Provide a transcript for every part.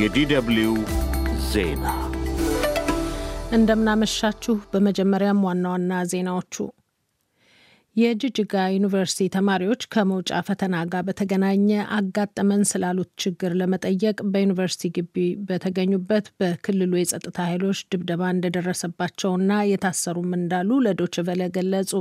የዲደብሊው ዜና እንደምናመሻችሁ። በመጀመሪያም ዋና ዋና ዜናዎቹ የጅጅጋ ዩኒቨርሲቲ ተማሪዎች ከመውጫ ፈተና ጋር በተገናኘ አጋጠመን ስላሉት ችግር ለመጠየቅ በዩኒቨርሲቲ ግቢ በተገኙበት በክልሉ የጸጥታ ኃይሎች ድብደባ እንደደረሰባቸውና የታሰሩም እንዳሉ ለዶችቨለ ገለጹ።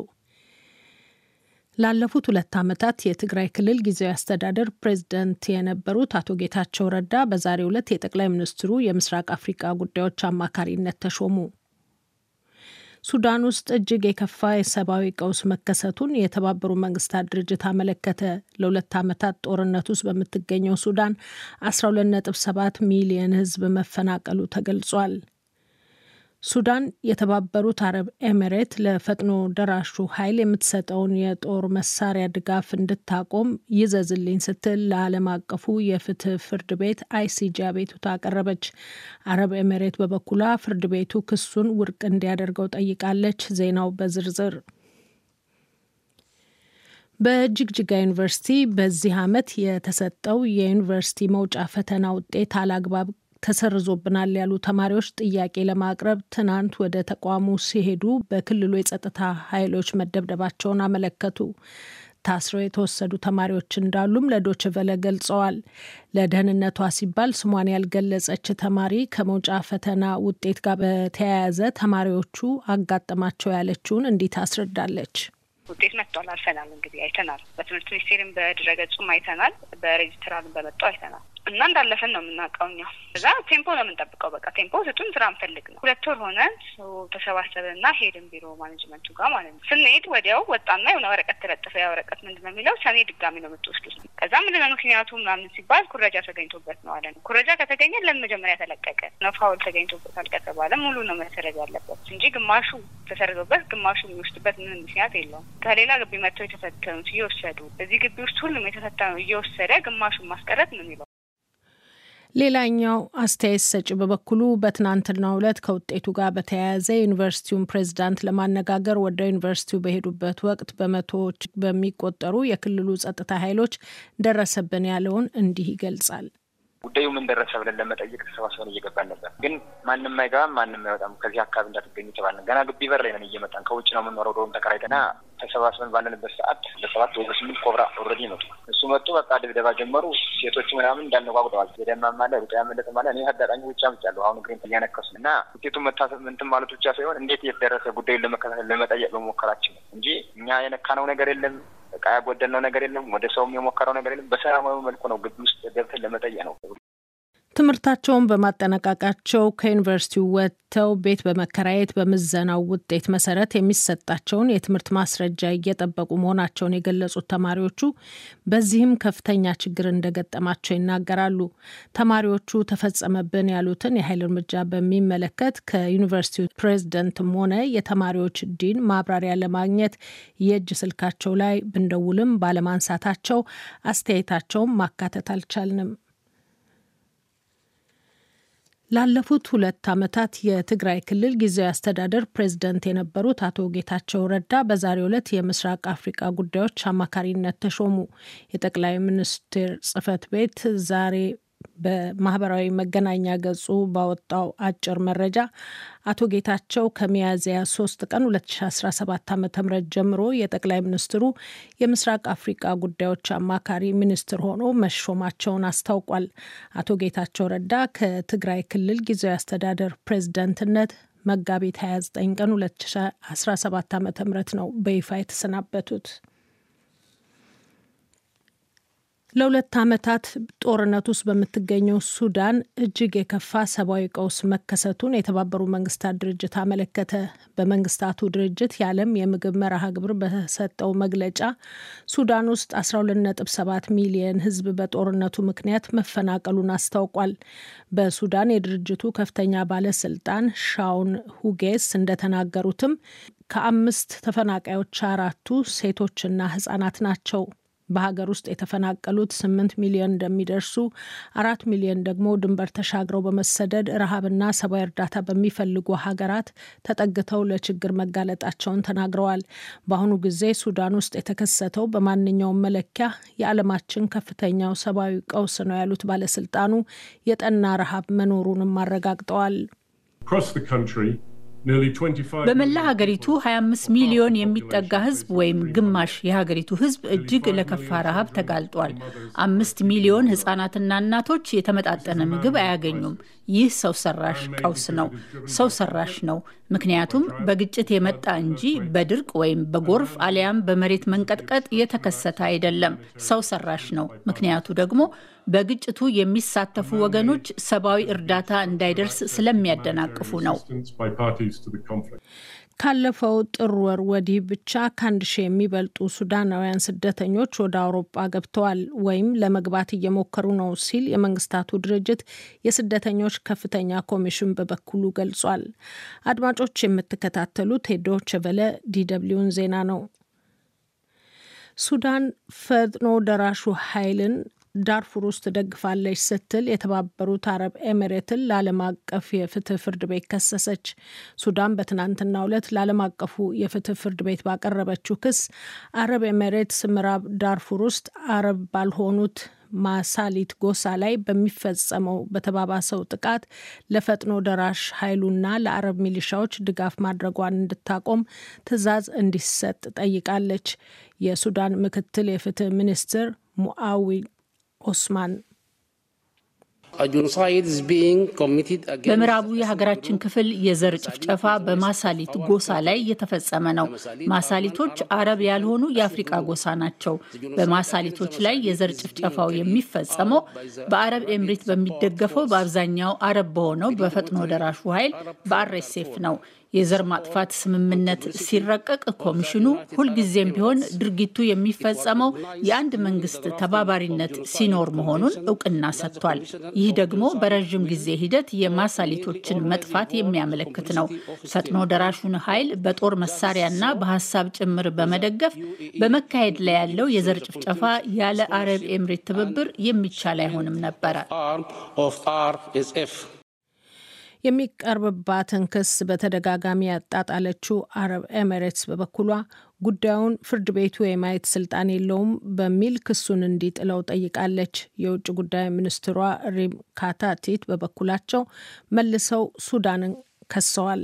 ላለፉት ሁለት ዓመታት የትግራይ ክልል ጊዜያዊ አስተዳደር ፕሬዝደንት የነበሩት አቶ ጌታቸው ረዳ በዛሬው ዕለት የጠቅላይ ሚኒስትሩ የምስራቅ አፍሪካ ጉዳዮች አማካሪነት ተሾሙ። ሱዳን ውስጥ እጅግ የከፋ የሰብአዊ ቀውስ መከሰቱን የተባበሩ መንግስታት ድርጅት አመለከተ። ለሁለት ዓመታት ጦርነት ውስጥ በምትገኘው ሱዳን 12.7 ሚሊየን ህዝብ መፈናቀሉ ተገልጿል። ሱዳን የተባበሩት አረብ ኤምሬት ለፈጥኖ ደራሹ ኃይል የምትሰጠውን የጦር መሳሪያ ድጋፍ እንድታቆም ይዘዝልኝ ስትል ለዓለም አቀፉ የፍትህ ፍርድ ቤት አይሲጂ አቤቱታ አቀረበች። አረብ ኤምሬት በበኩሏ ፍርድ ቤቱ ክሱን ውድቅ እንዲያደርገው ጠይቃለች። ዜናው በዝርዝር በጅግጅጋ ዩኒቨርሲቲ በዚህ ዓመት የተሰጠው የዩኒቨርሲቲ መውጫ ፈተና ውጤት አላግባብ ተሰርዞብናል ያሉ ተማሪዎች ጥያቄ ለማቅረብ ትናንት ወደ ተቋሙ ሲሄዱ በክልሉ የጸጥታ ኃይሎች መደብደባቸውን አመለከቱ። ታስረው የተወሰዱ ተማሪዎች እንዳሉም ለዶችቨለ ገልጸዋል። ለደህንነቷ ሲባል ስሟን ያልገለጸች ተማሪ ከመውጫ ፈተና ውጤት ጋር በተያያዘ ተማሪዎቹ አጋጠማቸው ያለችውን እንዲት አስረዳለች። ውጤት መጥቷል፣ አልፈናል። እንግዲህ አይተናል። በትምህርት ሚኒስቴርም በድረገጹም አይተናል። በሬጅስትራርም በመጣው አይተናል። እና እንዳለፈን ነው የምናውቀው እኛ። እዛ ቴምፖ ነው የምንጠብቀው። በቃ ቴምፖ ስጡን፣ ስራ እንፈልግ ነው። ሁለት ወር ሆነ ተሰባሰብን እና ሄድን ቢሮ ማኔጅመንቱ ጋር ማለት ነው። ስንሄድ ወዲያው ወጣና የሆነ ወረቀት ተለጠፈ። ያ ወረቀት ምንድን ነው የሚለው ሰኔ ድጋሚ ነው የምትወስዱት። ከዛ ምንድን ነው ምክንያቱ ምናምን ሲባል ኩረጃ ተገኝቶበት ነው አለ። ኩረጃ ከተገኘ ለምን መጀመሪያ ተለቀቀ ነው? ፋውል ተገኝቶበታል ከተባለ ሙሉ ነው መሰረዝ ያለበት እንጂ ግማሹ ተሰርዞበት ግማሹ የሚወስድበት ምንም ምክንያት የለውም። ከሌላ ግቢ መጥተው የተፈተኑት እየወሰዱ እዚህ ግቢ ውስጥ ሁሉም የተፈተኑ እየወሰደ ግማሹን ማስቀረት ነው የሚለው ሌላኛው አስተያየት ሰጪ በበኩሉ በትናንትናው ዕለት ከውጤቱ ጋር በተያያዘ ዩኒቨርሲቲውን ፕሬዚዳንት ለማነጋገር ወደ ዩኒቨርሲቲው በሄዱበት ወቅት በመቶዎች በሚቆጠሩ የክልሉ ጸጥታ ኃይሎች ደረሰብን ያለውን እንዲህ ይገልጻል። ጉዳዩ ምን ደረሰ ብለን ለመጠየቅ ተሰባስበን እየገባን ነበር። ግን ማንም አይገባም፣ ማንም አይወጣም፣ ከዚህ አካባቢ እንዳትገኙ ተባልን። ገና ግቢ በር ላይ ነን እየመጣን ከውጭ ነው የምንኖረው። ዶም ተከራይተና ተሰባስበን ባለንበት ሰዓት በሰባት ወደ ስምንት ኮብራ ኦልሬዲ መጡ። እሱ መጡ፣ በቃ ድብደባ ጀመሩ። ሴቶቹ ምናምን እንዳልነጓጉደዋል የደማ ማለ ሩጫ ያመለጥም ማለ እኔ አጋጣሚ ብቻ ምጫለሁ። አሁን ግሬን እያነከሱ እና ውጤቱ መታሰብ እንትን ማለት ብቻ ሳይሆን እንዴት የተደረሰ ጉዳዩን ለመከታተል ለመጠየቅ በሞከራችን ነው እንጂ እኛ የነካነው ነገር የለም እቃ ያጎደልነው ነገር የለም። ወደ ሰውም የሞከረው ነገር የለም። በሰላማዊ መልኩ ነው ግቢ ውስጥ ገብተን ለመጠየቅ ነው። ትምህርታቸውን በማጠናቀቃቸው ከዩኒቨርሲቲው ወጥተው ቤት በመከራየት በምዘናው ውጤት መሰረት የሚሰጣቸውን የትምህርት ማስረጃ እየጠበቁ መሆናቸውን የገለጹት ተማሪዎቹ በዚህም ከፍተኛ ችግር እንደገጠማቸው ይናገራሉ። ተማሪዎቹ ተፈጸመብን ያሉትን የኃይል እርምጃ በሚመለከት ከዩኒቨርሲቲው ፕሬዝደንትም ሆነ የተማሪዎች ዲን ማብራሪያ ለማግኘት የእጅ ስልካቸው ላይ ብንደውልም ባለማንሳታቸው አስተያየታቸውን ማካተት አልቻልንም። ላለፉት ሁለት ዓመታት የትግራይ ክልል ጊዜያዊ አስተዳደር ፕሬዝደንት የነበሩት አቶ ጌታቸው ረዳ በዛሬው ዕለት የምስራቅ አፍሪካ ጉዳዮች አማካሪነት ተሾሙ። የጠቅላይ ሚኒስትር ጽህፈት ቤት ዛሬ በማህበራዊ መገናኛ ገጹ ባወጣው አጭር መረጃ አቶ ጌታቸው ከሚያዝያ 3 ቀን 2017 ዓ ም ጀምሮ የጠቅላይ ሚኒስትሩ የምስራቅ አፍሪቃ ጉዳዮች አማካሪ ሚኒስትር ሆኖ መሾማቸውን አስታውቋል። አቶ ጌታቸው ረዳ ከትግራይ ክልል ጊዜያዊ አስተዳደር ፕሬዝዳንትነት መጋቢት 29 ቀን 2017 ዓ ም ነው በይፋ የተሰናበቱት። ለሁለት ዓመታት ጦርነት ውስጥ በምትገኘው ሱዳን እጅግ የከፋ ሰብአዊ ቀውስ መከሰቱን የተባበሩ መንግስታት ድርጅት አመለከተ። በመንግስታቱ ድርጅት የዓለም የምግብ መርሃ ግብር በሰጠው መግለጫ ሱዳን ውስጥ 12.7 ሚሊየን ህዝብ በጦርነቱ ምክንያት መፈናቀሉን አስታውቋል። በሱዳን የድርጅቱ ከፍተኛ ባለስልጣን ሻውን ሁጌስ እንደተናገሩትም ከአምስት ተፈናቃዮች አራቱ ሴቶችና ህጻናት ናቸው። በሀገር ውስጥ የተፈናቀሉት ስምንት ሚሊዮን እንደሚደርሱ አራት ሚሊዮን ደግሞ ድንበር ተሻግረው በመሰደድ ረሃብና ሰብአዊ እርዳታ በሚፈልጉ ሀገራት ተጠግተው ለችግር መጋለጣቸውን ተናግረዋል። በአሁኑ ጊዜ ሱዳን ውስጥ የተከሰተው በማንኛውም መለኪያ የዓለማችን ከፍተኛው ሰብአዊ ቀውስ ነው ያሉት ባለስልጣኑ የጠና ረሃብ መኖሩንም አረጋግጠዋል። በመላ ሀገሪቱ 25 ሚሊዮን የሚጠጋ ህዝብ ወይም ግማሽ የሀገሪቱ ህዝብ እጅግ ለከፋ ረሃብ ተጋልጧል። አምስት ሚሊዮን ህጻናትና እናቶች የተመጣጠነ ምግብ አያገኙም። ይህ ሰው ሰራሽ ቀውስ ነው። ሰው ሰራሽ ነው፣ ምክንያቱም በግጭት የመጣ እንጂ በድርቅ ወይም በጎርፍ አሊያም በመሬት መንቀጥቀጥ የተከሰተ አይደለም። ሰው ሰራሽ ነው፣ ምክንያቱ ደግሞ በግጭቱ የሚሳተፉ ወገኖች ሰብአዊ እርዳታ እንዳይደርስ ስለሚያደናቅፉ ነው። ካለፈው ጥር ወር ወዲህ ብቻ ከአንድ ሺህ የሚበልጡ ሱዳናውያን ስደተኞች ወደ አውሮፓ ገብተዋል ወይም ለመግባት እየሞከሩ ነው ሲል የመንግስታቱ ድርጅት የስደተኞች ከፍተኛ ኮሚሽን በበኩሉ ገልጿል። አድማጮች የምትከታተሉት ዶይቼ ቬለ ዲደብሊውን ዜና ነው። ሱዳን ፈጥኖ ደራሹ ኃይልን ዳርፉር ውስጥ ደግፋለች ስትል የተባበሩት አረብ ኤሚሬትን ለዓለም አቀፍ የፍትህ ፍርድ ቤት ከሰሰች። ሱዳን በትናንትናው ዕለት ለዓለም አቀፉ የፍትህ ፍርድ ቤት ባቀረበችው ክስ አረብ ኤሚሬትስ ምዕራብ ዳርፉር ውስጥ አረብ ባልሆኑት ማሳሊት ጎሳ ላይ በሚፈጸመው በተባባሰው ጥቃት ለፈጥኖ ደራሽ ኃይሉና ለአረብ ሚሊሻዎች ድጋፍ ማድረጓን እንድታቆም ትዕዛዝ እንዲሰጥ ጠይቃለች። የሱዳን ምክትል የፍትህ ሚኒስትር ሙአዊ Osman በምዕራቡ የሀገራችን ክፍል የዘር ጭፍጨፋ በማሳሊት ጎሳ ላይ እየተፈጸመ ነው። ማሳሊቶች አረብ ያልሆኑ የአፍሪቃ ጎሳ ናቸው። በማሳሊቶች ላይ የዘር ጭፍጨፋው የሚፈጸመው በአረብ ኤምሪት በሚደገፈው በአብዛኛው አረብ በሆነው በፈጥኖ ደራሹ ኃይል በአርኤስኤፍ ነው። የዘር ማጥፋት ስምምነት ሲረቀቅ ኮሚሽኑ ሁልጊዜም ቢሆን ድርጊቱ የሚፈጸመው የአንድ መንግስት ተባባሪነት ሲኖር መሆኑን እውቅና ሰጥቷል። ይህ ደግሞ በረዥም ጊዜ ሂደት የማሳሊቶችን መጥፋት የሚያመለክት ነው። ፈጥኖ ደራሹን ኃይል በጦር መሳሪያና በሀሳብ ጭምር በመደገፍ በመካሄድ ላይ ያለው የዘር ጭፍጨፋ ያለ አረብ ኤምሬት ትብብር የሚቻል አይሆንም ነበረ። የሚቀርብባትን ክስ በተደጋጋሚ ያጣጣለችው አረብ ኤምሬትስ በበኩሏ ጉዳዩን ፍርድ ቤቱ የማየት ስልጣን የለውም በሚል ክሱን እንዲጥለው ጠይቃለች። የውጭ ጉዳይ ሚኒስትሯ ሪም ካታቲት በበኩላቸው መልሰው ሱዳንን ከሰዋል።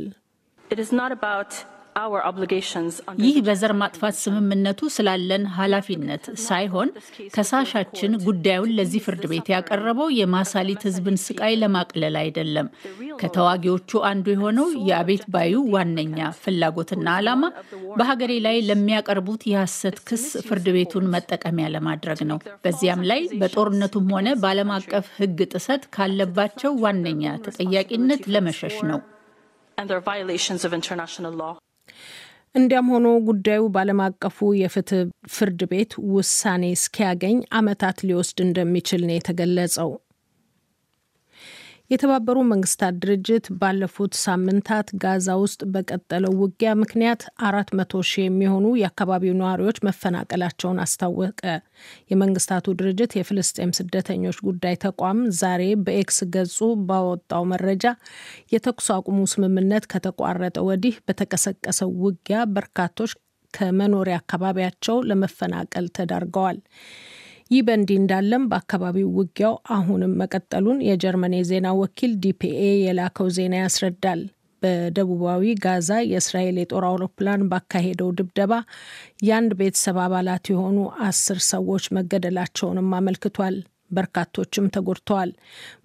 ይህ በዘር ማጥፋት ስምምነቱ ስላለን ኃላፊነት ሳይሆን ከሳሻችን ጉዳዩን ለዚህ ፍርድ ቤት ያቀረበው የማሳሊት ሕዝብን ስቃይ ለማቅለል አይደለም። ከተዋጊዎቹ አንዱ የሆነው የአቤት ባዩ ዋነኛ ፍላጎትና ዓላማ በሀገሬ ላይ ለሚያቀርቡት የሐሰት ክስ ፍርድ ቤቱን መጠቀሚያ ለማድረግ ነው። በዚያም ላይ በጦርነቱም ሆነ በዓለም አቀፍ ሕግ ጥሰት ካለባቸው ዋነኛ ተጠያቂነት ለመሸሽ ነው። and their violations of international law. እንዲያም ሆኖ ጉዳዩ ባለም አቀፉ የፍትህ ፍርድ ቤት ውሳኔ እስኪያገኝ ዓመታት ሊወስድ እንደሚችል ነው የተገለጸው። የተባበሩ መንግስታት ድርጅት ባለፉት ሳምንታት ጋዛ ውስጥ በቀጠለው ውጊያ ምክንያት አራት መቶ ሺህ የሚሆኑ የአካባቢው ነዋሪዎች መፈናቀላቸውን አስታወቀ። የመንግስታቱ ድርጅት የፍልስጤም ስደተኞች ጉዳይ ተቋም ዛሬ በኤክስ ገጹ ባወጣው መረጃ የተኩስ አቁሙ ስምምነት ከተቋረጠ ወዲህ በተቀሰቀሰው ውጊያ በርካቶች ከመኖሪያ አካባቢያቸው ለመፈናቀል ተዳርገዋል። ይህ በእንዲህ እንዳለም በአካባቢው ውጊያው አሁንም መቀጠሉን የጀርመን የዜና ወኪል ዲፒኤ የላከው ዜና ያስረዳል። በደቡባዊ ጋዛ የእስራኤል የጦር አውሮፕላን ባካሄደው ድብደባ የአንድ ቤተሰብ አባላት የሆኑ አስር ሰዎች መገደላቸውንም አመልክቷል። በርካቶችም ተጎድተዋል።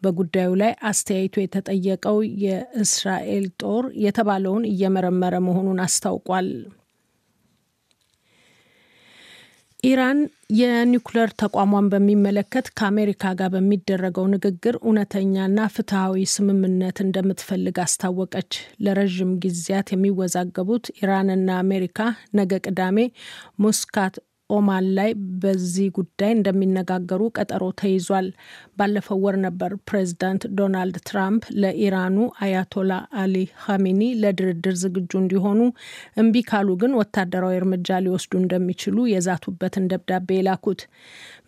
በጉዳዩ ላይ አስተያየቱ የተጠየቀው የእስራኤል ጦር የተባለውን እየመረመረ መሆኑን አስታውቋል። ኢራን የኒውክለር ተቋሟን በሚመለከት ከአሜሪካ ጋር በሚደረገው ንግግር እውነተኛና ፍትሐዊ ስምምነት እንደምትፈልግ አስታወቀች። ለረዥም ጊዜያት የሚወዛገቡት ኢራንና አሜሪካ ነገ ቅዳሜ ሞስካት ኦማን ላይ በዚህ ጉዳይ እንደሚነጋገሩ ቀጠሮ ተይዟል። ባለፈው ወር ነበር ፕሬዚዳንት ዶናልድ ትራምፕ ለኢራኑ አያቶላ አሊ ሀሜኒ ለድርድር ዝግጁ እንዲሆኑ እምቢ ካሉ ግን ወታደራዊ እርምጃ ሊወስዱ እንደሚችሉ የዛቱበትን ደብዳቤ የላኩት።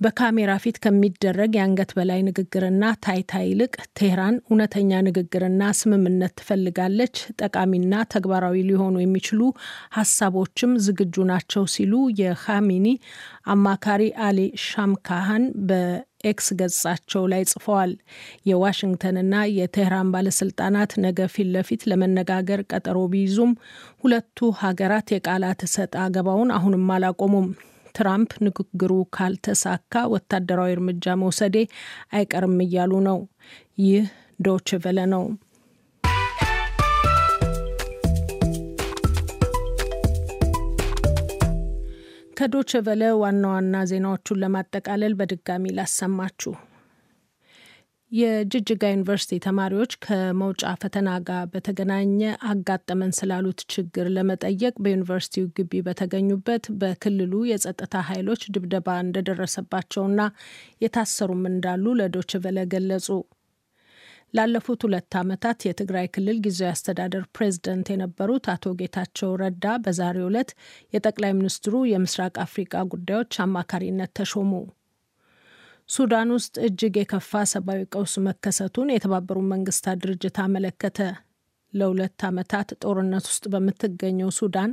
በካሜራ ፊት ከሚደረግ የአንገት በላይ ንግግርና ታይታ ይልቅ ቴህራን እውነተኛ ንግግርና ስምምነት ትፈልጋለች። ጠቃሚና ተግባራዊ ሊሆኑ የሚችሉ ሀሳቦችም ዝግጁ ናቸው ሲሉ የሀሚኒ አማካሪ አሊ ሻምካሃን በኤክስ ገጻቸው ላይ ጽፈዋል። የዋሽንግተንና የቴህራን ባለስልጣናት ነገ ፊት ለፊት ለመነጋገር ቀጠሮ ቢይዙም ሁለቱ ሀገራት የቃላት እሰጥ አገባውን አሁንም አላቆሙም። ትራምፕ ንግግሩ ካልተሳካ ወታደራዊ እርምጃ መውሰዴ አይቀርም እያሉ ነው። ይህ ዶችቨለ ነው። ከዶቸቨለ ዋና ዋና ዜናዎቹን ለማጠቃለል በድጋሚ ላሰማችሁ። የጅጅጋ ዩኒቨርሲቲ ተማሪዎች ከመውጫ ፈተና ጋር በተገናኘ አጋጠመን ስላሉት ችግር ለመጠየቅ በዩኒቨርሲቲው ግቢ በተገኙበት በክልሉ የጸጥታ ኃይሎች ድብደባ እንደደረሰባቸውና የታሰሩም እንዳሉ ለዶችቨለ ገለጹ። ላለፉት ሁለት ዓመታት የትግራይ ክልል ጊዜያዊ አስተዳደር ፕሬዝደንት የነበሩት አቶ ጌታቸው ረዳ በዛሬው ዕለት የጠቅላይ ሚኒስትሩ የምስራቅ አፍሪቃ ጉዳዮች አማካሪነት ተሾሙ። ሱዳን ውስጥ እጅግ የከፋ ሰብአዊ ቀውስ መከሰቱን የተባበሩት መንግስታት ድርጅት አመለከተ። ለሁለት ዓመታት ጦርነት ውስጥ በምትገኘው ሱዳን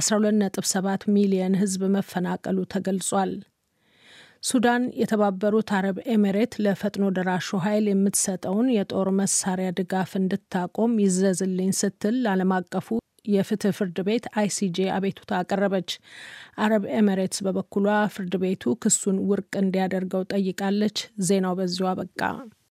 12.7 ሚሊየን ሕዝብ መፈናቀሉ ተገልጿል። ሱዳን የተባበሩት አረብ ኤሚሬት ለፈጥኖ ደራሹ ኃይል የምትሰጠውን የጦር መሳሪያ ድጋፍ እንድታቆም ይዘዝልኝ ስትል ዓለም አቀፉ የፍትህ ፍርድ ቤት አይሲጄ አቤቱታ አቀረበች። አረብ ኤሚሬትስ በበኩሏ ፍርድ ቤቱ ክሱን ውድቅ እንዲያደርገው ጠይቃለች። ዜናው በዚሁ አበቃ።